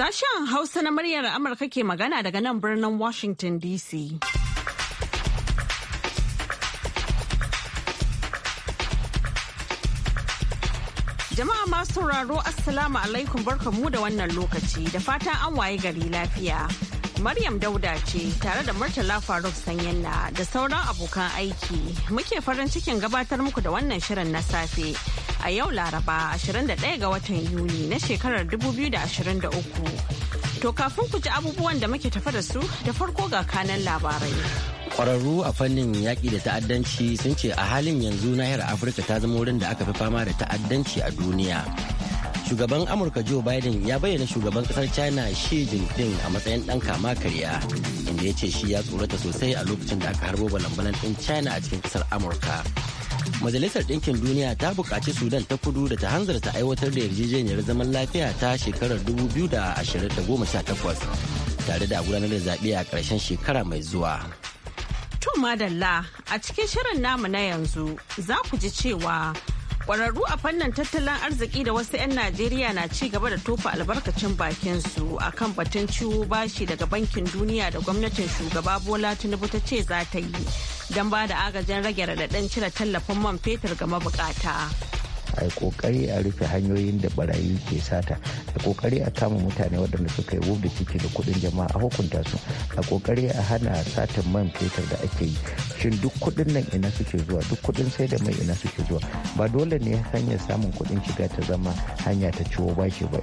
Sashen Hausa na muryar Amurka ke magana daga nan birnin Washington DC. Jama'a masu sauraro Assalamu alaikum barka mu da wannan lokaci da fatan an waye gari lafiya. Maryam Dauda ce tare da Murtala Faruk Sanyanna da sauran abokan aiki muke farin cikin gabatar muku da wannan shirin na safe. a yau Laraba 21 ga watan Yuni na shekarar 2023. To kafin ku ji abubuwan da muke tafa da su da farko ga kanan labarai. Kwararru a fannin yaƙi da ta'addanci sun ce a halin yanzu nahiyar Afirka ta zama wurin da aka fi fama da ta'addanci a duniya. Shugaban Amurka Joe Biden ya bayyana shugaban kasar China shi Jinping a matsayin dan kama karya inda ya ce shi ya tsorata sosai a lokacin da aka harbo balambalan balan ɗin China a cikin kasar Amurka. majalisar ɗinkin duniya ta buƙaci sudan ta kudu da ta hanzarta aiwatar da yarjejeniyar zaman lafiya ta shekarar 2018 tare da gudanar da zaɓe a ƙarshen shekara mai zuwa to madalla a cikin shirin namu na yanzu za ku ji cewa Kwararru a fannin tattalin arziki da wasu 'yan Najeriya na ci gaba da tofa albarkacin bakinsu a kan batun ciwo bashi daga bankin duniya da gwamnatin shugaba Bola Tinubu ta ce za ta yi don ba da agajin rage raɗaɗin cire tallafin man fetur ga mabukata. a yi kokari a rufe hanyoyin da barayi ke sata a kokari a kama mutane waɗanda suka yi wurin da suke da kuɗin jama'a a hukunta su a kokari a hana satin man fetur da ake yi shin duk kuɗin nan ina suke zuwa duk kuɗin sai da mai ina suke zuwa ba dole ne hanyar samun kuɗin shiga ta zama hanya ta ciwo ba ke ba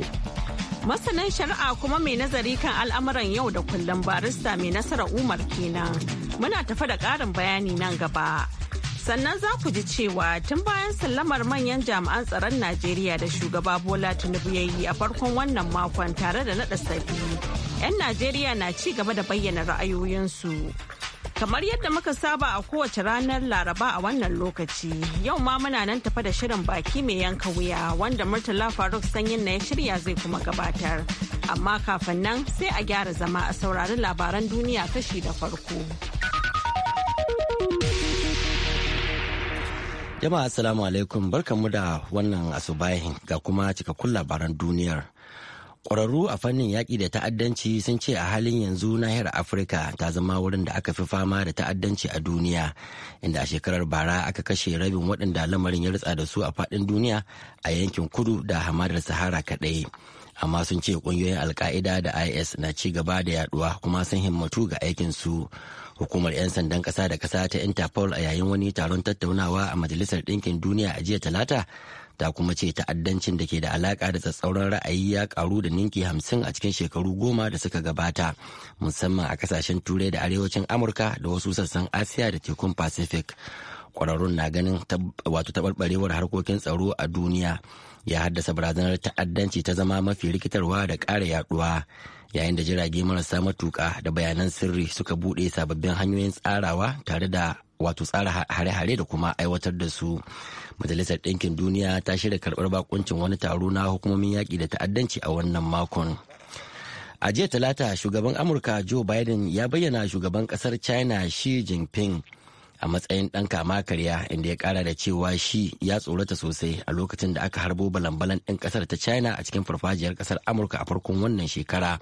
masanin shari'a kuma mai nazari kan al'amuran yau da kullum barista mai nasara umar kenan muna tafa da ƙarin bayani nan gaba sannan za ku ji cewa tun bayan sallamar manyan jami'an tsaron najeriya da shugaba bola tinubu ya yi a farkon wannan makon tare da naɗa sabi 'yan najeriya na ci gaba da bayyana ra'ayoyinsu kamar yadda muka saba a kowace ranar laraba a wannan lokaci yau ma muna nan tafa da shirin baki mai yanka wuya wanda murtala faruk sanyin na ya shirya zai kuma gabatar amma kafin nan sai a gyara zama a saurari labaran duniya kashi da farko. Jama'a assalamu alaikum barkanmu da wannan asubahin ga kuma cikakkun labaran duniyar. Ƙwararru a fannin yaƙi da ta'addanci sun ce a halin yanzu nahiyar Afirka ta zama wurin da aka fi fama da ta'addanci a duniya, inda a shekarar bara aka kashe rabin waɗanda lamarin ya ritsa da su a faɗin duniya a yankin kudu da hamadar Sahara kaɗai. amma sun ce kungiyoyin alka'ida da is na ci gaba da yaduwa kuma sun himmatu ga aikin su hukumar 'yan sandan kasa da kasa ta interpol a yayin wani taron tattaunawa a majalisar ɗinkin duniya a jiya talata ta kuma ce ta'addancin da ke da alaka da tsatsauran ra'ayi ya karu da ninki hamsin a cikin shekaru goma da suka gabata musamman a kasashen turai da arewacin amurka da wasu sassan asiya da tekun pacific kwararrun na ganin wato taɓarɓarewar harkokin tsaro a duniya ya haddasa barazanar ta'addanci ta zama mafi rikitarwa da ƙara yaduwa yayin da jirage marasa matuƙa da bayanan sirri suka buɗe sababbin hanyoyin tsarawa tare da wato tsara hare-hare da kuma aiwatar da su majalisar ɗinkin duniya ta shirya karɓar bakuncin wani taro na hukumomin yaƙi da ta'addanci a wannan makon a jiya talata shugaban amurka joe biden ya bayyana shugaban ƙasar china xi jinping a matsayin ɗan kama karya inda ya kara da cewa shi ya tsorata sosai a lokacin da aka harbo balan-balan ɗin ƙasar ta china a cikin farfajiyar ƙasar amurka a farkon wannan shekara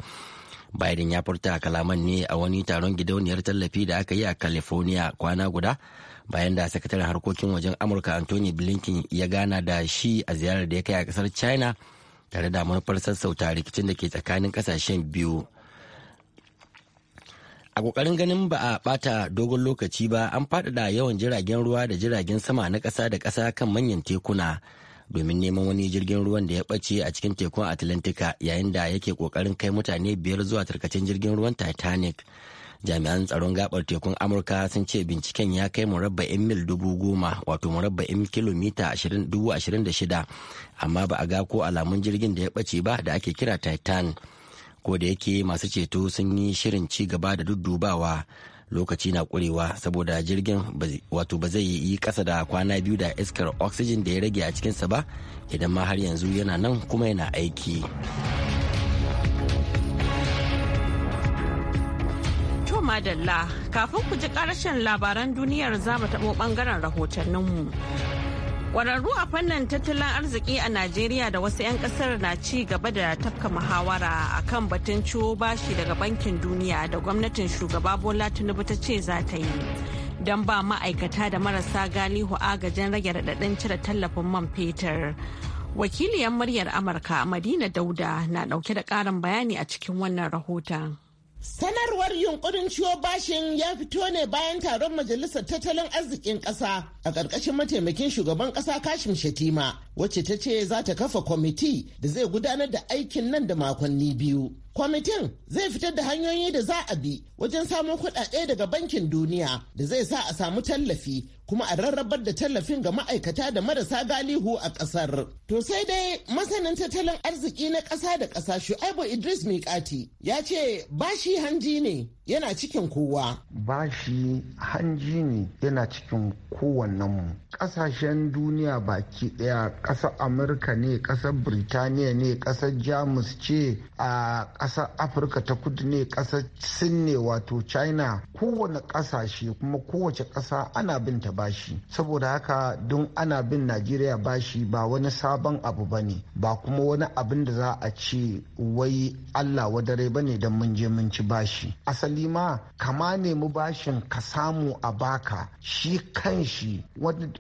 biden ya furta kalaman ne a wani taron gidauniyar tallafi da aka yi a california kwana guda bayan da sakataren harkokin wajen amurka anthony blinken ya gana da shi a ziyarar da ya kai a ƙasar china tare da manufar sassauta rikicin da ke tsakanin ƙasashen biyu a kokarin ganin ba a bata dogon lokaci ba an faɗaɗa yawan jiragen ruwa da jiragen sama na ƙasa da ƙasa kan manyan tekuna domin neman wani jirgin ruwan da ya ɓace a cikin tekun atlantika yayin da yake kokarin kai mutane biyar zuwa tarkacen jirgin ruwan titanic jami'an tsaron gabar tekun amurka sun ce binciken ya kai murabba'in mil dubu goma wato murabba'in kilomita dubu ashirin da shida amma ba a ga ko alamun jirgin da ya ɓace ba da ake kira titan ko da yake masu ceto sun yi shirin ci gaba da duddubawa lokaci na kurewa saboda jirgin wato ba zai yi kasa da kwana biyu da iskar oxygen da ya rage a cikinsa ba idan ma har yanzu yana nan kuma yana aiki madalla kafin ku ji karshen labaran duniyar za mu taɓo ɓangaren rahotanninmu Kwararru a fannin tattalin arziki a Najeriya da wasu 'yan kasar na ci gaba da tafka muhawara a kan batun ciwo bashi daga bankin duniya da gwamnatin shugaba Bola Tinubu ta ce za ta yi. Don ba ma'aikata da marasa galihu agajin rage raɗaɗin cire tallafin man fetur. Wakiliyar muryar Amurka Madina Dauda na ɗauke da ƙarin bayani a cikin wannan rahoton. Sanarwar yunkurin ciwo bashin ya fito ne bayan taron majalisar tattalin arzikin ƙasa a ƙarƙashin mataimakin shugaban ƙasa Kashim Shatima wacce ta ce za ta kafa kwamiti da zai gudanar da aikin nan da makonni biyu. Kwamitin zai fitar da hanyoyi da za a bi wajen samun kuɗaɗe daga bankin duniya da zai sa a samu tallafi kuma a rarrabar da tallafin ga ma'aikata da marasa galihu a ƙasar. To sai dai masanin tattalin arziki na ƙasa da ƙasa Shu'aibu Idris Mikati ya ce bashi hanji ne yana cikin kowa. Bashi hanji ne yana cikin kowannenmu. kasashen duniya baki daya kasar amurka ne kasar birtaniya ne kasar jamus ce a kasar afirka ta kudu ne kasar sin ne wato china kowane kasashe kuma kowace kasa ana bin ta bashi saboda haka don ana bin najeriya bashi ba wani sabon abu ba ne ba kuma wani abin da za a ce wai allah wadare ba ne don mun je mun ci bashi asali ma kama nemi bashin ka samu a baka shi kanshi shi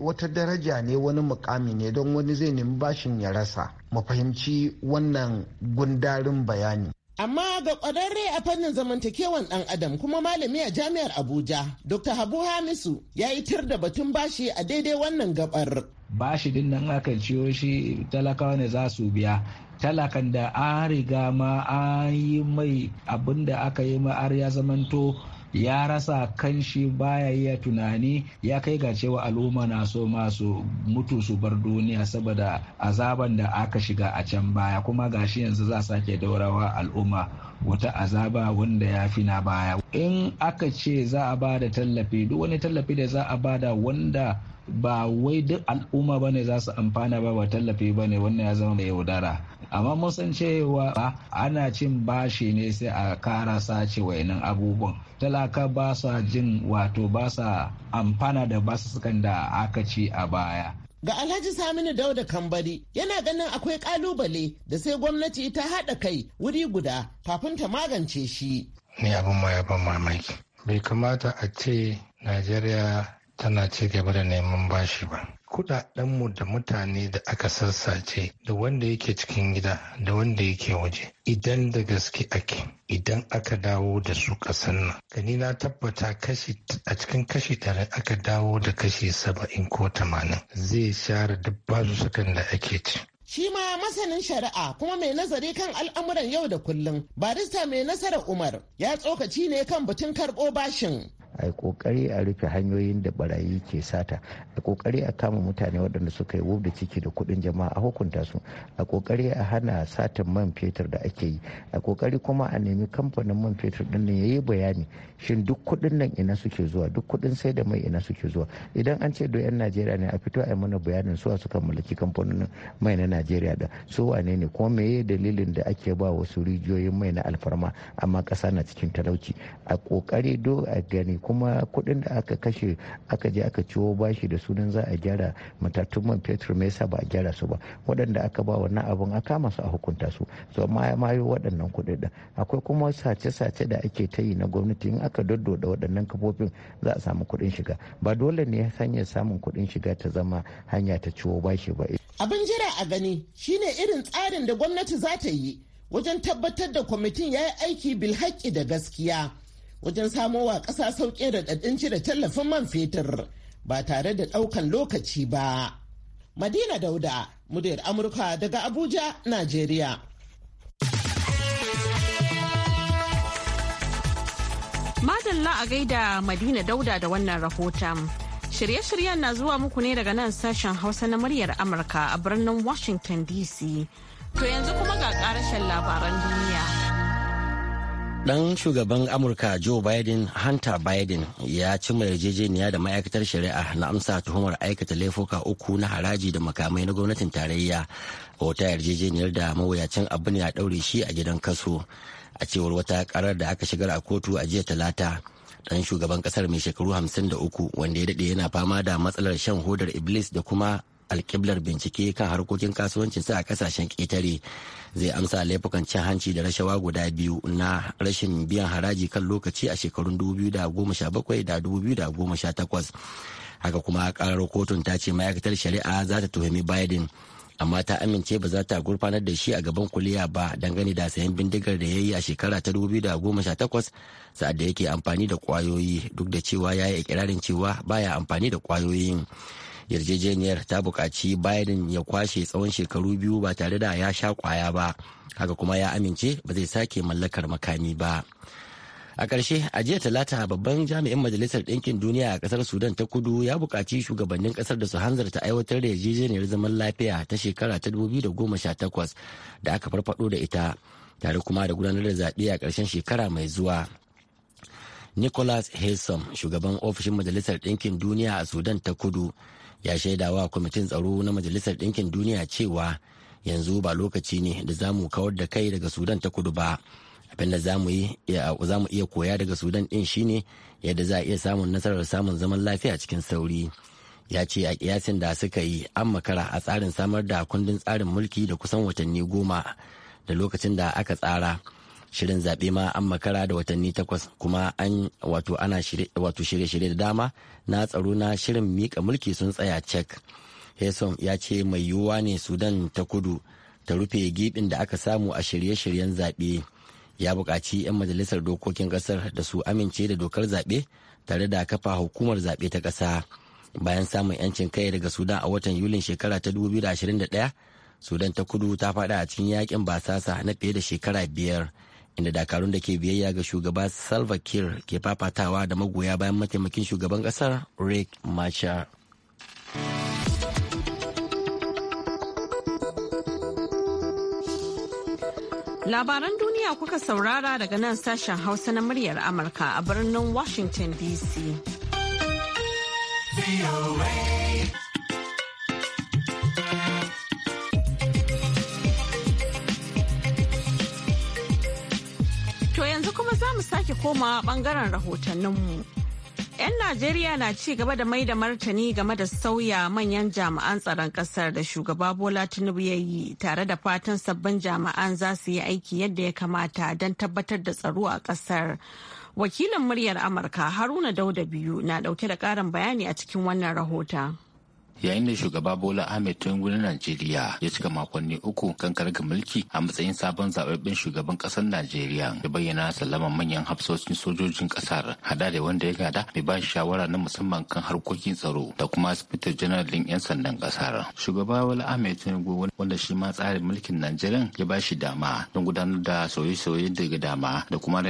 wata daraja ne wani mukami ne don wani zai nemi bashin ya rasa mu fahimci wannan gundarin bayani Amma ga kwararre a fannin zamantakewan dan adam kuma malami a jami'ar Abuja, Dr. Habu Hamisu ya yi tir da batun bashi a daidai wannan gabar. Bashi din nan aka ciyo shi talakawa ne za su biya. Talakan da an riga ma an yi mai abinda aka yi ma ya zamanto ya rasa kanshi baya iya tunani ya kai ga cewa al'umma na so masu mutu su bar duniya saboda azaban da aka shiga a can baya kuma gashi yanzu za sake daurawa al'umma wata azaba wanda ya fi na baya in aka ce za a ba da tallafi duk wani tallafi da za a ba da wanda ba wai duk al'umma ba ne za su amfana ba ba tallafi bane wannan ya zama mai yaudara amma mun san cewa ana cin bashi ne sai a kara sace wainan abubuwan talaka ba sa jin wato ba sa amfana da sukan da aka ci a baya ga alhaji saminu dauda kambari yana ganin akwai kalubale da sai gwamnati ta haɗa kai wuri guda kafin ta magance shi ni abin ma ya ban mamaki bai kamata a ce najeriya tana ci gaba da neman bashi ba. Kuɗaɗenmu da mutane da aka sassace da wanda yake cikin gida da wanda yake waje idan da gaske ake idan aka dawo da su kasan nan. Gani na tabbata kashi a cikin kashi tare aka dawo da kashi saba'in ko tamanin zai share duk sukan da ake ci. Shi ma masanin shari'a kuma mai nazari kan al'amuran yau da kullum barista mai nasarar Umar ya tsokaci ne kan batun karɓo bashin. a yi kokari a rufe hanyoyin da barayi ke sata a kokari a kama mutane waɗanda suka yi wub da ciki da kuɗin jama'a a hukunta su a kokari a hana satan man fetur da ake yi a kokari kuma a nemi kamfanin man fetur ɗin ya yi bayani shin duk kuɗin nan ina suke zuwa duk kuɗin sai da mai ina suke zuwa idan an ce do 'yan najeriya ne a fito a yi mana bayanin suwa suka mallaki kamfanonin mai na najeriya da su wane ne kuma meye dalilin da ake ba wasu rijiyoyin mai na alfarma amma kasa na cikin talauci a kokari do a gani kuma kuɗin da aka kashe aka je aka ciwo bashi da sunan za a gyara matatun man fetur me yasa ba a gyara su ba waɗanda aka ba wannan abin a kama su a hukunta su so ma ya mayo waɗannan da akwai kuma sace-sace da ake ta yi na gwamnati in aka daddoda waɗannan kafofin za a samu kuɗin shiga ba dole ne ya hanyar samun kuɗin shiga ta zama hanya ta ciwo bashi ba abin jira a gani shine irin tsarin da gwamnati za ta yi wajen tabbatar da kwamitin ya yi aiki bilhaƙi da gaskiya wajen samo wa ƙasa sauƙin raɗaɗin cire tallafin man fetur ba tare da ɗaukan lokaci ba. Madina Dauda, muryar Amurka daga Abuja, Najeriya. Madalla a gaida Madina Dauda da wannan rahoton. Shirye-shiryen na zuwa muku ne daga nan sashen Hausa na muryar Amurka a birnin Washington DC. To yanzu kuma ga ƙarashen labaran duniya. Dan shugaban Amurka Joe Biden, Hunter Biden, ya cimma yarjejeniya da ma'aikatar shari'a na amsa tuhumar aikata laifuka uku na haraji da makamai na gwamnatin tarayya a wata yarjejeniyar da mawuyacin abu ne a ɗaure shi a gidan kaso. A cewar wata karar da aka shigar a kotu a jiya talata, dan shugaban kasar mai shekaru hamsin da uku wanda ya dade yana fama da matsalar shan hodar Iblis da kuma alkiblar bincike kan harkokin kasuwancinsa a kasashen ƙetare. zai amsa laifukan cin hanci da rashawa guda biyu na rashin biyan haraji kan lokaci a shekarun 2017 da 2018 haka kuma karar kotun ta ce ma'aikatar shari'a za ta tuhumi biden amma ta amince ba za ta gurfanar da shi a gaban kuliya ba dangane da sayan bindigar da ya yi a shekara ta 2018 sa'ad da yake amfani da kwayoyi duk da cewa ya yi ikirarin cewa baya amfani da kwayoyin yarjejeniyar ta bukaci biden ya kwashe tsawon shekaru biyu ba tare da ya sha kwaya ba haka kuma ya amince ba zai sake mallakar makami ba a ƙarshe a jiya talata babban jami'in majalisar ɗinkin duniya a ƙasar sudan ta kudu ya buƙaci shugabannin ƙasar da su hanzarta aiwatar da yarjejeniyar zaman lafiya ta shekara ta 2018 da goma sha takwas da aka farfaɗo da ita tare kuma da gudanar da zaɓe a ƙarshen shekara mai zuwa nicholas haysom shugaban ofishin majalisar ɗinkin duniya a sudan ta kudu ya shaida wa kwamitin tsaro na majalisar ɗinkin duniya cewa yanzu ba lokaci ne da za mu kawar da kai daga sudan ta kudu ba abin da za mu iya koya daga sudan ɗin shine yadda za a iya samun nasarar samun zaman lafiya cikin sauri ya ce a kiyasin da suka yi an makara a tsarin samar da kundin tsarin mulki da kusan watanni goma da lokacin da aka tsara shirin zaɓe ma an makara da watanni takwas kuma an wato ana wato shirye-shirye da dama na tsaro na shirin miƙa mulki sun tsaya cek hesom ya ce mai yiwuwa ne sudan ta kudu ta rufe gibin da aka samu a shirye-shiryen zaɓe ya buƙaci 'yan majalisar dokokin ƙasar da su amince da dokar zaɓe tare da kafa hukumar zaɓe ta ƙasa bayan samun 'yancin kai daga sudan a watan yulin shekara ta 2021 sudan ta kudu ta faɗa a cikin yakin basasa na fiye da shekara biyar inda dakarun da ke biyayya ga shugaba salva kiir ke fafatawa da magoya bayan mataimakin shugaban kasar rick machar labaran duniya kuka saurara daga nan sashen hausa na muryar amurka a birnin washington dc mu sake komawa bangaren rahotanninmu. 'Yan Najeriya na ci gaba da mai da martani game da sauya manyan jami'an tsaron kasar da shugaba Bola Tinubu ya yi tare da fatan sabbin jami'an za su yi aiki yadda ya kamata don tabbatar da tsaro a kasar. Wakilin muryar Amurka Haruna Dauda biyu na dauke da karin bayani a cikin wannan rahota. yayin da shugaba bola ahmed tinubu na najeriya ya cika makonni uku kan karga mulki a matsayin sabon zababben shugaban kasar najeriya da bayyana salaman manyan hafsoshin sojojin kasar hada da wanda ya gada mai ba shawara na musamman kan harkokin tsaro da kuma asibitin janar din yan sandan kasar shugaba bola ahmed tinubu wanda shi ma tsarin mulkin najeriya ya ba shi dama don gudanar da sauye-sauye daga dama da kuma da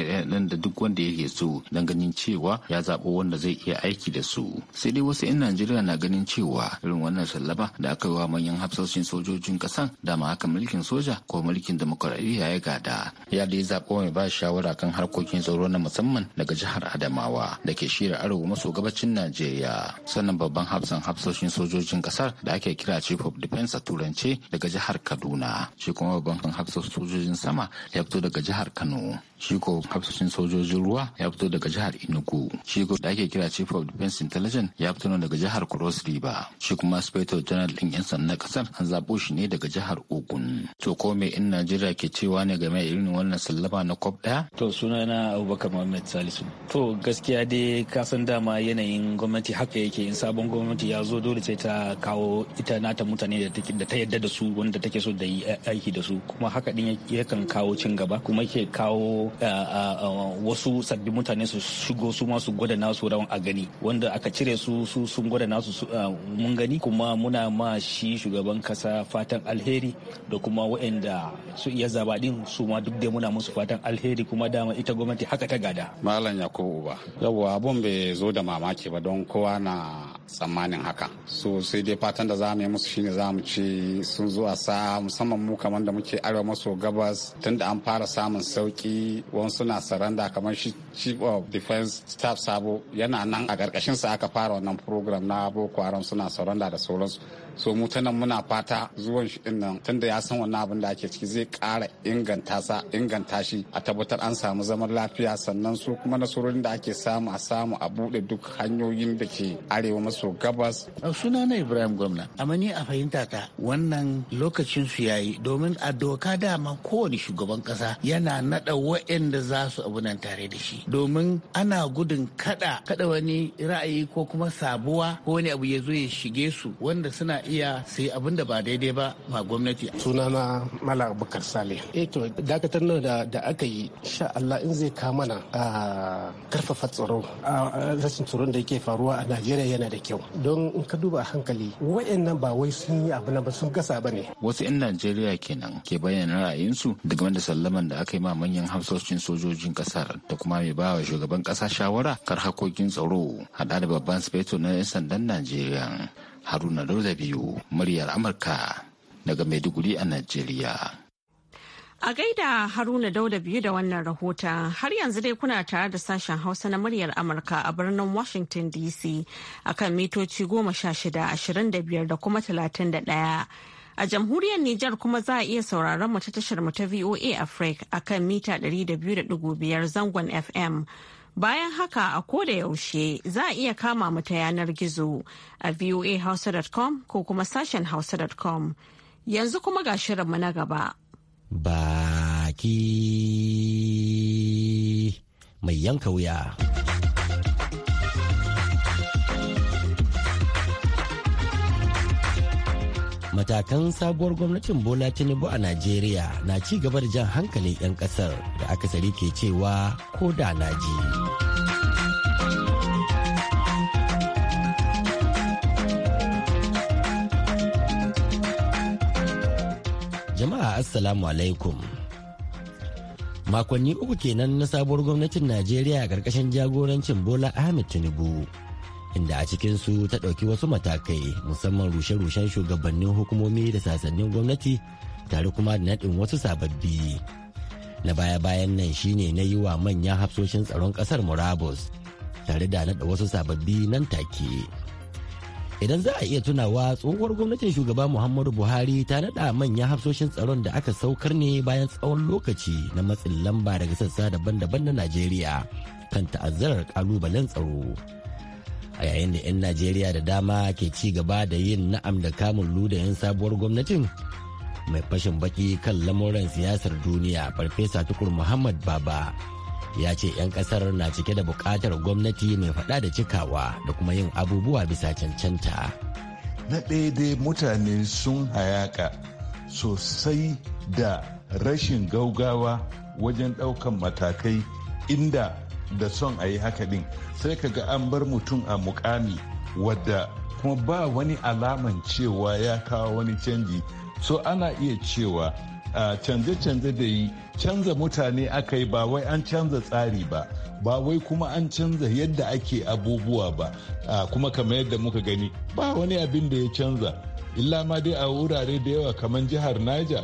duk wanda yake so don ganin cewa ya zaɓo wanda zai iya aiki da su sai dai wasu 'yan najeriya na ganin cewa irin wannan sallaba da aka yi wa manyan hafsoshin sojojin kasan ma haka mulkin soja ko mulkin demokuraɗiyya ya gada ya dai zaɓo mai ba shawara kan harkokin tsaro na musamman daga jihar adamawa da ke shirya arewa maso gabacin najeriya sannan babban hafsan hafsoshin sojojin kasar da ake kira chief of defense a turance daga jihar kaduna shi kuma babban hafsoshin sojojin sama ya fito daga jihar kano shi ko hafsoshin sojojin ruwa ya fito daga jihar enugu shi ko da ake kira chief of defense intelligence ya fito daga jihar cross river shi kuma Speto General din 'yan sanda kasar an zabo shi ne daga jihar Ogun. To ko me in Najeriya ke cewa ne game da irin wannan sallama na cop ɗaya? To sunana Abubakar Muhammad Salisu. To gaskiya dai ka san dama yanayin gwamnati haka yake in sabon gwamnati ya zo dole sai ta kawo ita nata mutane da ta yadda da su wanda take so da yi aiki da su kuma haka din yakan kawo cin gaba kuma yake kawo wasu sabbin mutane su shigo su ma gwada nasu rawan a gani wanda aka cire su su sun gwada nasu mun gani kuma muna ma shi shugaban kasa fatan alheri da kuma waɗanda su iya zaba din su ma duk da muna musu fatan alheri kuma dama ita gwamnati haka ta gada malam yakubu ba yawwa abun bai zo da mamaki ba don kowa na tsammanin haka so sai dai fatan da za mu yi musu shine za mu ce sun zuwa sa musamman mu kamar da muke arewa maso gabas tunda an fara samun sauki wasu na saranda kamar shi chief of defense staff sabo yana nan a karkashin sa aka fara wannan program na boko haram suna saranda da sauransu so mu ta nan muna fata zuwan shi din nan tunda ya san wannan abin da ake ciki zai ƙara inganta sa inganta shi a tabbatar an samu zaman lafiya sannan su kuma nasarorin da ake samu a samu a buɗe duk hanyoyin da ke arewa maso gabas. suna na ibrahim gwamna amma ni a fahimta ta wannan lokacin su yayi domin a doka dama kowane shugaban kasa yana naɗa wa'anda za su abu nan tare da shi domin ana gudun kada kada wani ra'ayi ko kuma sabuwa ko wani abu ya zo ya shige su wanda suna iya sai abin da ba daidai ba ma gwamnati. Sunana Mala Bukar Sale. Eh to dakatar nan da aka yi sha Allah in zai kama mana. a karfafa tsaro a rashin tsaron da yake faruwa a Najeriya yana da kyau. Don in ka duba a hankali wayannan ba wai sun yi abu na ba sun gasa ba ne. Wasu 'yan Najeriya kenan ke bayyana ra'ayinsu daga wanda sallaman da aka yi ma manyan hamsoshin sojojin kasar da kuma mai bawa shugaban kasa shawara kar hakokin tsaro hada da babban sufeto na 'yan sandan Najeriya. haruna dauda biyu muryar amurka daga maiduguri a najeriya A gaida Haruna Dauda biyu da wannan rahota har yanzu dai kuna tare da sashen Hausa na muryar Amurka a birnin Washington DC a kan mitoci goma sha shida ashirin da biyar da kuma talatin da ɗaya. A jamhuriyar Nijar kuma za a iya sauraron mu ta tashar mu ta VOA Africa kan mita ɗari da biyu da biyar zangon FM. Bayan haka a koda yaushe za a iya kama mu ta yanar gizo a voahausa.com ko kuma sashen hausa.com. Yanzu kuma ga shirinmu na gaba. Baki mai yanka wuya. matakan sabuwar gwamnatin bola tinubu a najeriya na ci gaba da jan hankalin 'yan kasar da akasari ke cewa ko da naji jama'a assalamu alaikum makonni uku kenan na sabuwar gwamnatin najeriya a ƙarƙashin jagorancin bola ahmed tinubu inda a cikinsu ta ɗauki wasu matakai musamman rushe-rushen shugabannin hukumomi da sasannin gwamnati tare kuma da naɗin wasu sababbi na baya-bayan nan shine na yi wa manyan hafsoshin tsaron ƙasar murabus tare da naɗa wasu sababbi nan take idan za a iya tunawa tsohuwar gwamnatin shugaba muhammadu buhari ta naɗa manyan hafsoshin tsaron da aka saukar ne bayan tsawon lokaci na matsin lamba daga sassa daban-daban na najeriya kan ta'azzarar ƙalubalen tsaro a yayin da 'yan najeriya da dama ke ci gaba da yin na'am da kamun ludayin sabuwar gwamnatin mai fashin baki kan lamuran siyasar duniya farfesa tukur muhammad baba ya ce 'yan kasar na cike da bukatar gwamnati mai fada da cikawa da kuma yin abubuwa bisa cancanta na daidai mutane sun hayaka sosai da rashin gaugawa wajen ɗaukan matakai inda da son a yi haka din sai ka ga an bar mutum a mukami wadda kuma ba wani alaman cewa ya kawo wani canji so ana iya cewa a canje-canje da yi canza mutane aka yi ba wai an canza tsari ba ba wai kuma an canza yadda ake abubuwa ba kuma kamar yadda muka gani ba wani abin da ya canza illa ma dai a wurare da yawa kamar jihar naija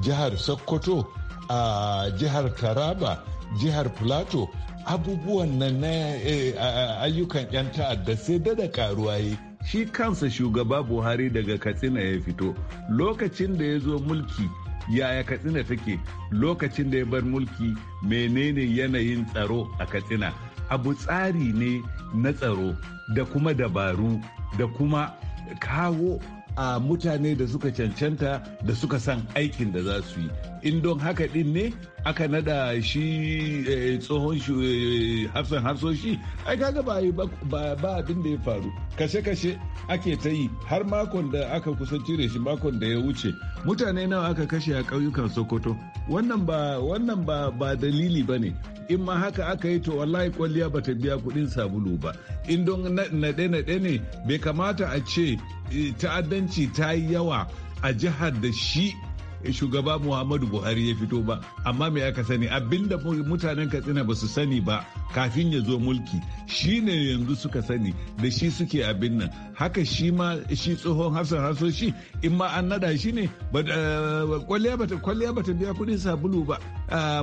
jihar sokoto a jihar taraba jihar plateau abubuwan nan na eh, ayyukan 'yan ta'adda sai da karuwa yi shi kansa shugaba buhari daga katsina ya fito lokacin da ya zo mulki yaya katsina take lokacin da ya bar mulki menene yanayin tsaro a katsina abu tsari ne na tsaro da kuma dabaru da kuma kawo a mutane da suka cancanta da suka san aikin da za su yi in don haka din ne aka nada shi eh, tsohon shi eh, hafsan shi ai kaga ba ba abin da ya faru kashe-kashe ake ta yi har makon da aka kusan cire shi makon da ya wuce mutane nawa aka kashe a ƙauyukan sokoto wannan ba wannan ba dalili ba ne in ma haka aka yi to wallahi kwalliya ba ta biya kuɗin sabulu ba in don naɗe-naɗe ne bai kamata a ce e, ta'addanci ta yi yawa a jihar da shi shugaba muhammadu buhari ya fito ba amma mai aka sani abinda mutanen katsina ba su sani ba kafin ya zo mulki shi ne yanzu suka sani da shi suke abin nan haka shi ma shi tsohon hassan hasoshi in ma an nada shi ne e, kwalliya bata biya kudin sabulu ba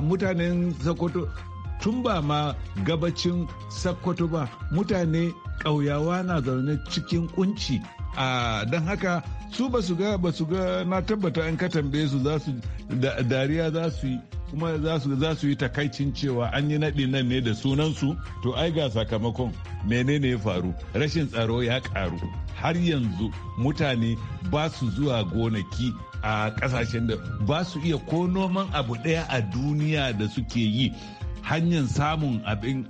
mutanen sokoto tun ba ma gabacin sakkwato ba mutane ƙauyawa na zaune cikin kunci a don haka su ba su ga ba su ga na tabbata an ka tambaye su za su dariya za su yi kuma za su yi takaicin cewa an yi naɗi nan ne da sunansu to ai ga sakamakon menene ya faru rashin tsaro ya karu har yanzu mutane ba su zuwa gonaki a ƙasashen da ba su iya ko noman abu ɗaya a duniya da suke yi hanyar samun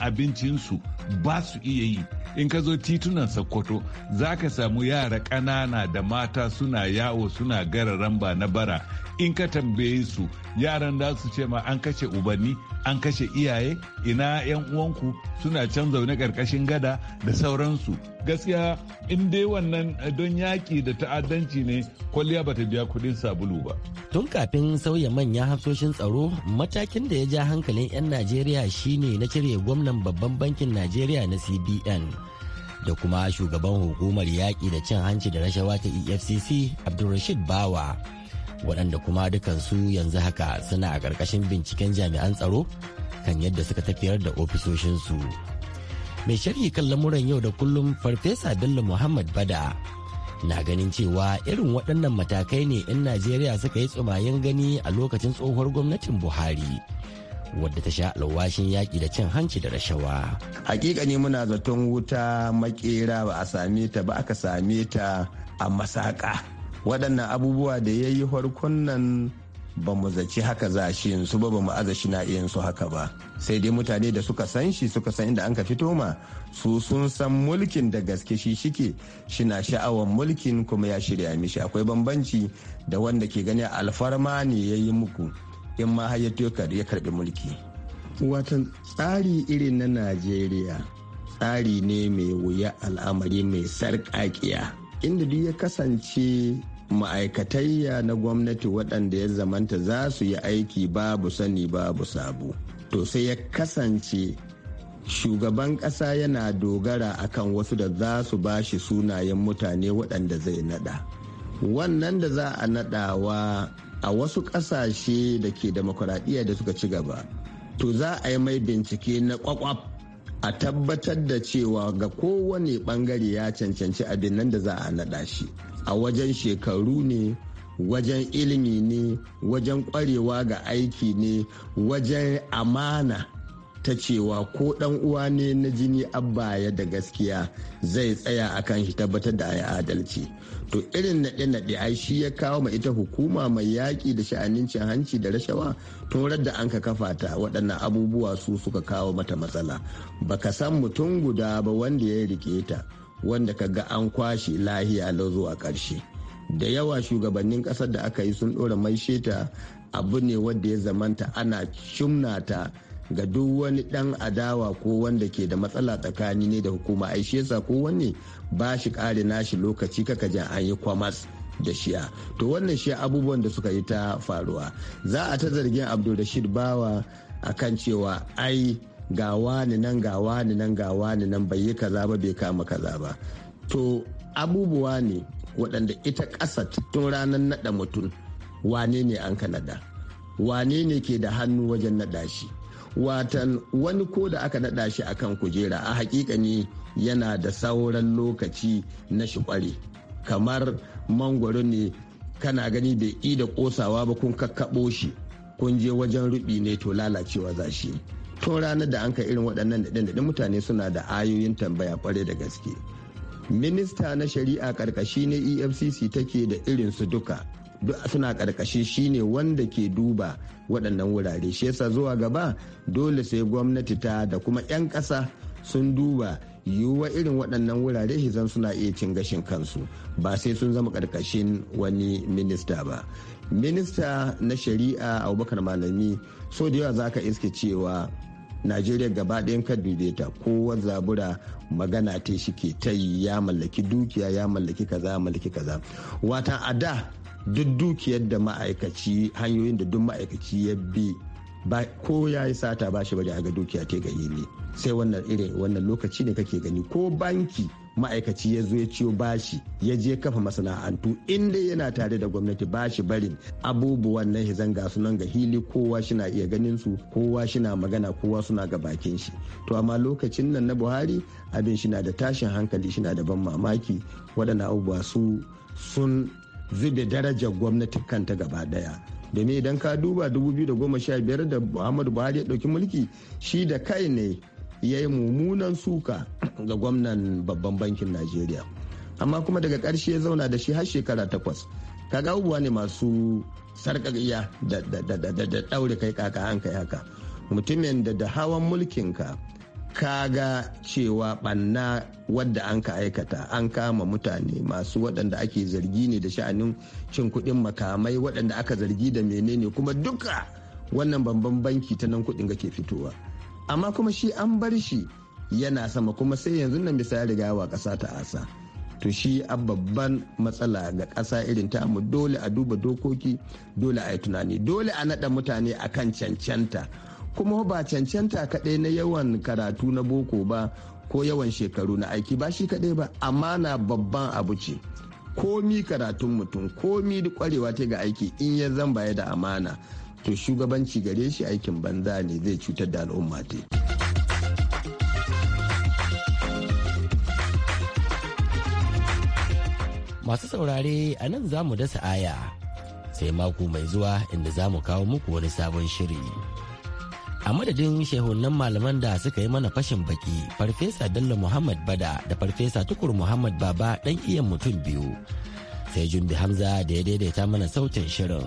abincinsu ba su iya yi in ka zo titunan sokoto za ka samu yara ƙanana da mata suna yawo suna gara ramba na bara in ka tambaye su yaran da su ce ma an kashe ubanni an kashe iyaye ina yan uwanku suna can zaune karkashin gada da sauransu gaskiya in dai wannan don yaki da ta'addanci ne kwalliya bata biya kuɗin sabulu ba tun kafin sauya manyan hafsoshin tsaro matakin da ya ja hankalin 'yan najeriya shine na cire gwamnan babban bankin najeriya na cbn da kuma shugaban hukumar yaƙi da cin hanci da rashawa ta efcc abdulrashid bawa waɗanda kuma dukansu yanzu haka suna a ƙarƙashin binciken jami'an tsaro kan yadda suka tafiyar da ofisoshinsu. Mai sharhi kan lamuran yau da kullum Farfesa Bello Muhammad Bada na ganin cewa irin waɗannan matakai ne in Najeriya suka yi tsumayen gani a lokacin tsohuwar gwamnatin Buhari. wadda ta sha alwashin yaƙi da cin hanci da rashawa. Hakika ne muna zaton wuta makera ba a same ta ba aka same ta a masaka. waɗannan abubuwa da ya yi farkon ba mu zaci haka za shi ba ba mu aza shi na iya haka ba sai dai mutane da suka san shi suka san inda an ka fito ma su sun san mulkin da gaske shi shike shi na sha'awar mulkin kuma ya shirya mishi akwai bambanci da wanda ke gani alfarma ne ya yi muku in ma har ya karbi mulki watan tsari irin na najeriya tsari ne mai wuya al'amari mai sarƙaƙiya inda duk ya kasance ma'aikatayya na gwamnati waɗanda ya zamanta za su yi aiki babu sani babu sabu to sai ya kasance shugaban ƙasa yana dogara akan wasu da za su ba shi sunayen mutane waɗanda zai naɗa. wannan da za a nadawa a wasu ƙasashe da ke demokuraɗiyya da suka ci gaba to za a yi mai bincike na kwakwaf a tabbatar da cewa ga kowane ɓangare ya cancanci abin nan da za a nada shi a wajen shekaru ne wajen ilimi ne wajen kwarewa ga aiki ne wajen amana ta cewa ko dan uwa ne na jini abba ya da gaskiya zai tsaya a kan shi tabbatar da ya adalci to irin naɗe-naɗe ai shi ya kawo ma ita hukuma mai yaƙi da sha'anincin hanci da rashawa tun radda an ka kafa ta waɗannan abubuwa su suka kawo mata matsala baka san mutum guda ba wanda ya rike ta wanda ka ga an kwashe lahiya la zuwa ƙarshe da yawa shugabannin ƙasar da aka yi sun ɗora mai sheta abu ne wanda ya zamanta ana ta ga duk wani ɗan adawa ko wanda ke da matsala tsakani ne da hukuma ai shi yasa ko wanne ba shi ƙare nashi lokaci kaka jan an yi kwamas da shiya to wannan shi abubuwan da suka yi ta faruwa za a ta zargin rashid bawa akan cewa ai ga wani nan ga wani nan ga wani nan bai yi kaza ba bai kama kaza ba to abubuwa ne waɗanda ita ƙasa tun ranar naɗa mutum wane ne an ka wane ne ke da hannu wajen naɗa shi watan wani ko da aka naɗa shi a kan kujera a ne yana da sauran lokaci na shi ƙware kamar mangwaro ne kana gani bai ƙi da ƙosawa ba kun kakkaɓo shi kun je wajen ruɓi ne to lalacewa za shi tun ranar da an ka irin waɗannan daɗin mutane suna da ayoyin tambaya kwarai da gaske minista na shari'a karkashi ne efcc take da irin su duka duk suna ƙarƙashi shine wanda ke duba waɗannan wurare shi yasa zuwa gaba dole sai gwamnati ta da kuma 'yan ƙasa sun duba yiwuwa irin waɗannan wurare hizan suna iya cin gashin kansu ba sai sun zama ƙarƙashin wani minista ba minista na shari'a abubakar malami so da yawa za ka iske cewa najeriya gaba ɗayan ka dube ta kowa zabura magana ta shi ke ta yi ya mallaki dukiya ya mallaki kaza mallaki kaza watan a da duk dukiyar da ma'aikaci hanyoyin da duk ma'aikaci ya bi ba ko ya yi sata ba shi bari a ga dukiya ta gani ne sai wannan irin wannan lokaci ne kake gani ko banki ma'aikaci ya zo ya ciyo bashi ya je kafa masana'antu inda yana tare da gwamnati bashi barin abubuwan na hizan ga sunan ga hili kowa shina iya ganin su kowa shina magana kowa suna ga bakin shi to amma lokacin nan na buhari abin shina da tashin hankali shina da ban mamaki waɗannan abubuwa su sun zube daraja gwamnati kanta gaba daya domin idan ka duba 2015 da muhammadu buhari ya ɗauki mulki shi da kai ne ya yi mummunan suka ga gwamnan babban bankin najeriya amma kuma daga karshe ya zauna da shi har shekara takwas kaga abubuwa ne masu sarƙaƙiya da ɗaure kai kaka an kai haka mutumin da da hawan mulkin ka kaga cewa ɓanna wadda an ka aikata an kama mutane masu waɗanda ake zargi ne da sha'anin cin kuɗin makamai waɗanda aka zargi da menene kuma duka wannan babban banki ta nan kuɗin ga ke fitowa amma kuma shi an bar shi yana sama kuma sai yanzu nan bisa ya riga wa ƙasa ta asa to shi a babban matsala ga ƙasa irin ta mu dole a duba dokoki dole a yi tunani dole a naɗa mutane a kan cancanta kuma ba cancanta kaɗai na yawan karatu na boko ba ko yawan shekaru na aiki ba shi kaɗai ba amana babban abu ce komi karatun mutum komi kwarewa ta ga aiki in ya zamba ya da amana to shugabanci gare shi aikin banza ne zai cutar da al'umma te. masu saurare a nan za mu dasa aya sai mako mai zuwa inda za mu kawo muku wani sabon shiri a madadin shehunan malaman da suka yi mana fashin baki farfesa bello muhammad bada da farfesa tukur muhammad baba dan iya mutum biyu sai jumbi hamza da ya daidaita mana sautin shirin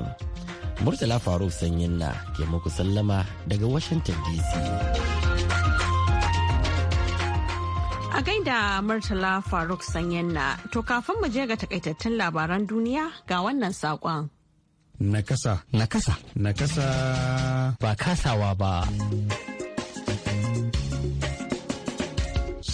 Murtala Faruk Sanyin na ke muku sallama daga Washington DC. A gaida Murtala Faruk Sanyin na, to kafin mu je ga takaitattun labaran duniya ga wannan saƙon. Nakasa. Nakasa. Nakasa. Ba kasawa ba.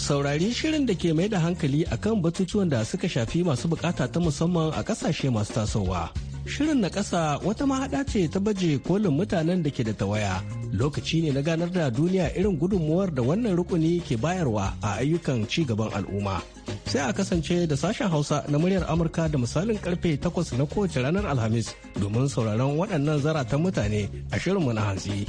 saurari shirin da ke mai da hankali akan batutuwan da suka shafi masu bukata ta musamman a kasashe masu tasowa Shirin na ƙasa wata mahaɗa ce ta baje kolin mutanen da ke da tawaya. Lokaci ne na ganar da duniya irin gudunmuwar da wannan rukuni ke bayarwa a ayyukan ci gaban al'umma. Sai a kasance da sashen Hausa na muryar Amurka da misalin karfe takwas na kowace ranar Alhamis domin sauraron waɗannan zaratan mutane a shirin mu na hantsi.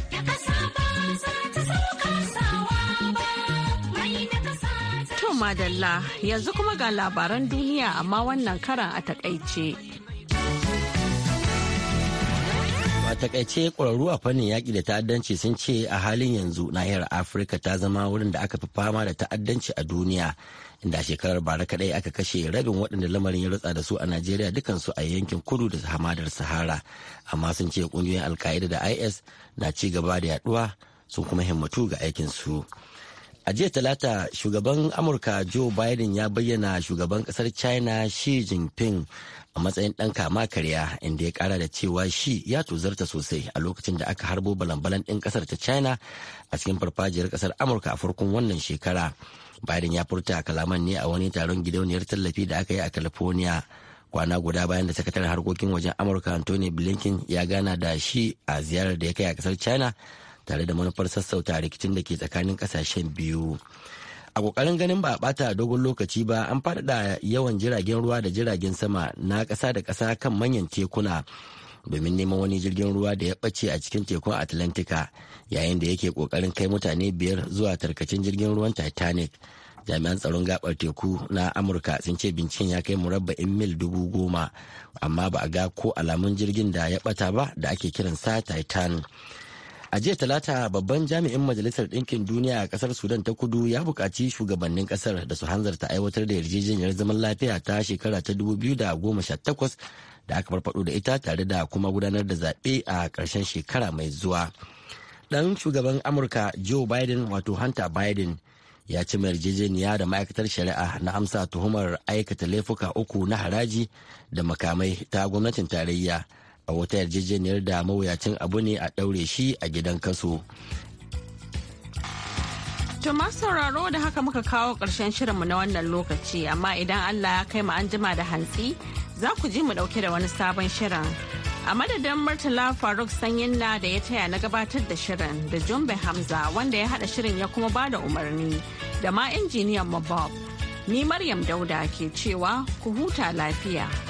madalla yanzu kuma ga labaran duniya amma wannan karan a takaice. takaice ƙwararru a fannin yaƙi da ta'addanci sun ce a halin yanzu nahiyar afirka ta zama wurin da aka fi fama da ta'addanci a duniya inda shekarar bara kaɗai aka kashe rabin waɗanda lamarin ya rutsa da su a najeriya dukansu a yankin kudu da hamadar sahara amma sun ce ƙungiyoyin alka'ida da is na ci gaba da yaɗuwa sun kuma himmatu ga aikinsu. su A jiya talata shugaban Amurka Joe Biden ya bayyana shugaban kasar China Xi Jinping a matsayin ɗan kama karya inda ya kara da cewa shi ya tozarta sosai a lokacin da aka harbo balan-balan ɗin ƙasar ta China a cikin farfajiyar kasar Amurka a farkon wannan shekara. Biden ya furta kalaman ne a wani taron gidauniyar tallafi da aka yi a California. kwana guda bayan da sakataren harkokin wajen amurka anthony blinken ya gana da shi a ziyarar da ya kai a kasar china tare da manufar sassauta rikicin da ke tsakanin kasashen biyu a kokarin ganin ba a bata dogon lokaci ba an faɗaɗa yawan jiragen ruwa da jiragen sama na ƙasa da ƙasa kan manyan tekuna domin neman wani jirgin ruwa da ya ɓace a cikin tekun atlantika yayin da yake kokarin kai mutane biyar zuwa tarkacin jirgin ruwan titanic jami'an tsaron gabar teku na amurka sun ce binciken ya kai murabba'in mil dubu goma amma ba a ga ko alamun jirgin da ya ɓata ba da ake kiransa titan a jiya talata babban jami'in majalisar ɗinkin duniya a ƙasar sudan ta kudu ya buƙaci shugabannin ƙasar da su hanzarta aiwatar da yarjejeniyar zaman lafiya ta shekara ta dubu biyu da goma sha takwas da aka farfaɗo da ita tare da kuma gudanar da zaɓe a ƙarshen shekara mai zuwa ɗan shugaban amurka joe biden wato hanta biden ya ci yarjejeniya da ma'aikatar shari'a na amsa tuhumar aikata laifuka uku na haraji da makamai ta gwamnatin tarayya a wata yarjejeniyar da mawuyacin abu ne a ɗaure shi a gidan kaso. To masu sauraro da haka muka kawo ƙarshen shirinmu na wannan lokaci amma idan Allah ya kai mu an jima da hantsi za ku ji mu ɗauke da wani sabon shirin. A madadin Murtala Faruk Sanyin na da ya taya na gabatar da shirin da Jumbe Hamza wanda ya haɗa shirin ya kuma bada umarni da ma injiniyan Bob. Ni Maryam Dauda ke cewa ku huta lafiya.